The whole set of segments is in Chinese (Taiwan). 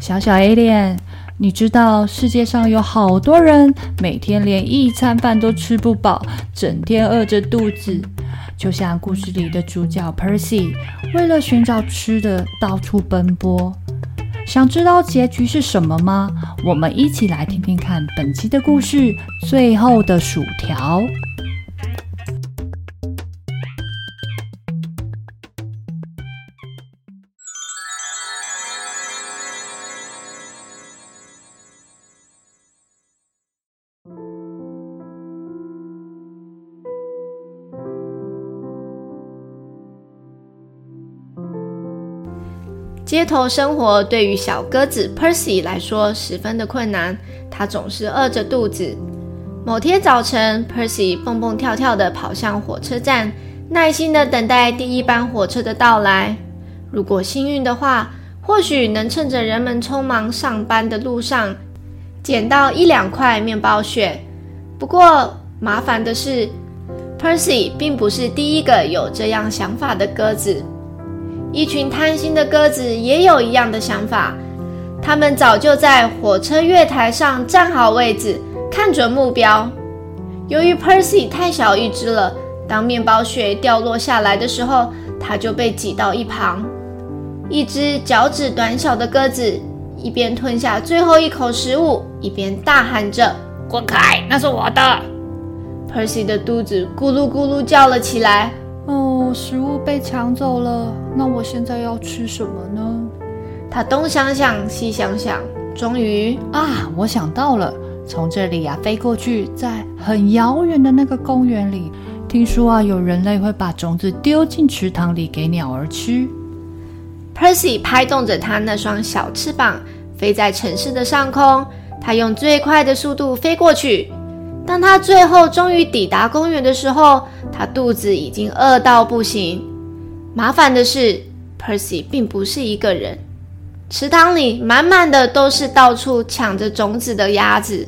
小小 a l i n 你知道世界上有好多人每天連一餐飯都吃不飽，整天餓着肚子。就像故事裡的主角 Percy，為了尋找吃的到處奔波。想知道結局是什麼嗎？我們一起來聽聽看本期的故事《最後的薯條》。街頭生活對於小鴿子 Percy 來說十分的困難，它總是餓着肚子。某天早晨，Percy 蹦蹦跳跳地跑向火車站，耐心地等待第一班火車的到來。如果幸運的話，或許能趁着人們匆忙上班的路上，撿到一兩塊麵包屑。不過，麻煩的是，Percy 並不是第一個有這樣想法的鴿子。一群貪心的鴿子也有一樣的想法，它們早就在火車月台上站好位置，看準目標。由於 Percy 太小一隻了，當面包屑掉落下來的時候，它就被擠到一旁。一隻腳趾短小的鴿子一邊吞下最後一口食物，一邊大喊着：“滾開，那是我的！” Percy 的肚子咕嚕咕嚕叫了起來。哦，食物被搶走了，那我現在要吃什麼呢？他東想想西想想，終於啊，我想到了，從這裡啊飛過去，在很遙遠的那個公園裡，聽說啊有人類會把種子丟進池塘裡給鳥兒吃。Percy 拍動着他那雙小翅膀，飛在城市的上空，他用最快的速度飛過去。當他最後終於抵達公園的時候，他肚子已經餓到不行。麻煩的是，Percy 並不是一個人，池塘裡滿滿的都是到處搶着種子的鴨子。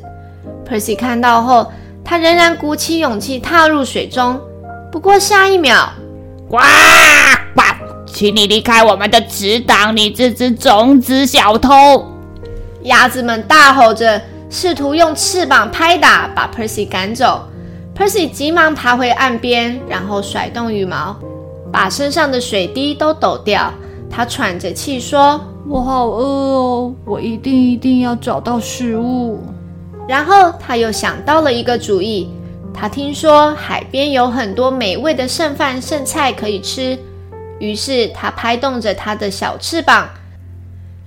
Percy 看到後，他仍然鼓起勇氣踏入水中。不過下一秒，呱呱，請你離開我們的池塘，你這隻種子小偷！鴨子們大吼着。試圖用翅膀拍打，把 Percy 趕走。Percy 急忙爬回岸邊，然後甩動羽毛，把身上的水滴都抖掉。他喘着氣說：“我好餓哦，我一定一定要找到食物。”然後他又想到了一個主意。他聽說海邊有很多美味的剩飯剩菜可以吃，於是他拍動着他的小翅膀，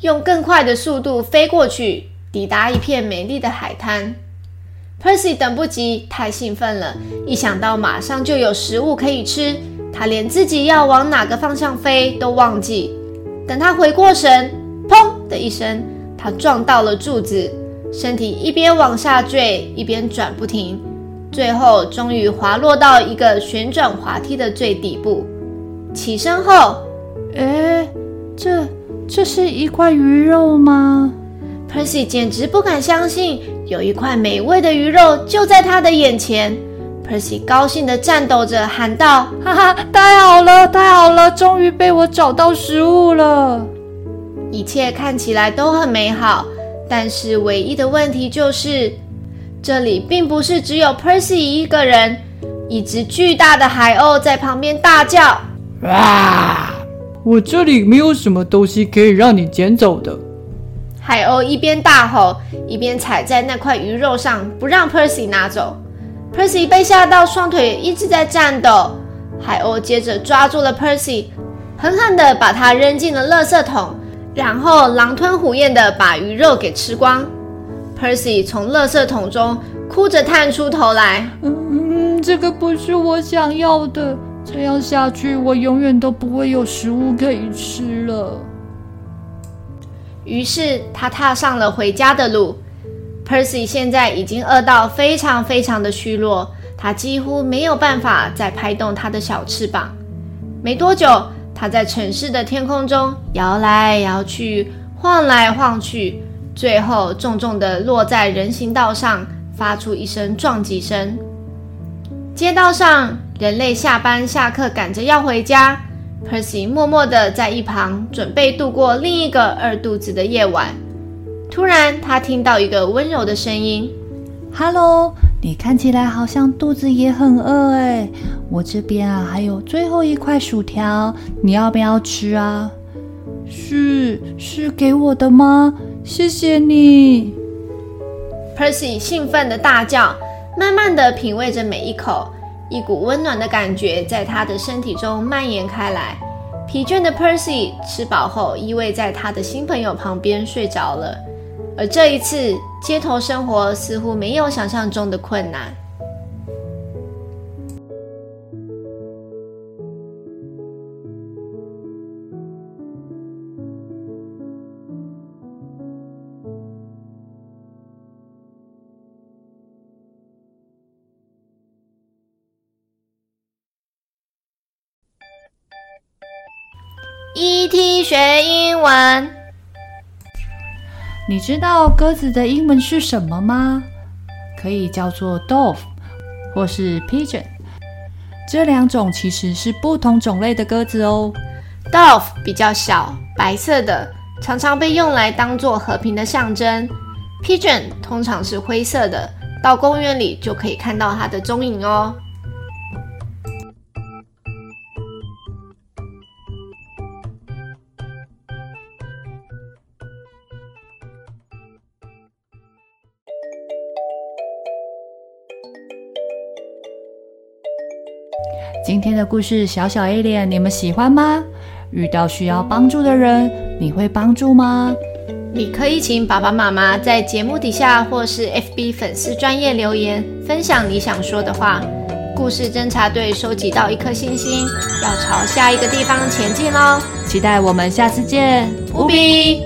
用更快的速度飛過去。抵達一片美麗的海灘，Percy 等不及，太興奮了，一想到馬上就有食物可以吃，他連自己要往哪個方向飛都忘記。等他回過神，砰的一聲，他撞到了柱子，身體一邊往下墜，一邊轉不停，最後終於滑落到一個旋轉滑梯的最底部。起身後，欸，這這是一塊魚肉嗎？Percy 簡直不敢相信，有一塊美味的魚肉就在他的眼前。Percy 高興地顫抖着喊道：“哈哈，太好了，太好了，終於被我找到食物了！”一切看起來都很美好，但是唯一的問題就是，這裡並不是只有 Percy 一個人。一隻巨大的海鷗在旁邊大叫：“哇、啊，我這裡沒有什麼東西可以讓你撿走的。”海鷗一邊大吼，一邊踩在那塊魚肉上，不讓 Percy 拿走。Percy 被嚇到，雙腿一直在顫抖。海鷗接着抓住了 Percy，狠狠地把他扔進了垃圾桶，然後狼吞虎咽地把魚肉給吃光。Percy 從垃圾桶中哭着探出頭來嗯：“嗯，這個不是我想要的。這樣下去，我永遠都不會有食物可以吃了。”於是他踏上了回家的路。Percy 現在已經餓到非常非常的虛弱，他幾乎沒有辦法再拍動他的小翅膀。沒多久，他在城市的天空中搖來搖去，晃來晃去，最後重重的落在人行道上，發出一聲撞擊聲。街道上，人類下班下課，趕着要回家。Percy 默默地在一旁準備度過另一個餓肚子的夜晚。突然，他聽到一個溫柔的聲音：“Hello，你看起來好像肚子也很餓哎，我這邊啊還有最後一塊薯條，你要不要吃啊？”“是，是給我的嗎？”“謝謝你！”Percy 興奮地大叫，慢慢地品味着每一口。一股溫暖的感覺在他的身體中蔓延開來。疲倦的 Percy 吃飽後，依偎在他的新朋友旁邊睡着了。而這一次，街頭生活似乎沒有想象中的困難。ET 學英文，你知道鴿子的英文是什麼嗎？可以叫做 Dove 或是 Pigeon，這兩種其實是不同種類的鴿子哦。Dove 比較小，白色的，常常被用來當做和平的象徵。Pigeon 通常是灰色的，到公園裡就可以看到它的蹤影哦。今天的故事小小 A 臉，你們喜歡嗎？遇到需要幫助的人，你會幫助嗎？你可以請爸爸媽媽在節目底下或是 FB 粉絲專頁留言，分享你想說的話。故事偵察隊收集到一顆星星，要朝下一個地方前進嘍！期待我們下次見，拜拜。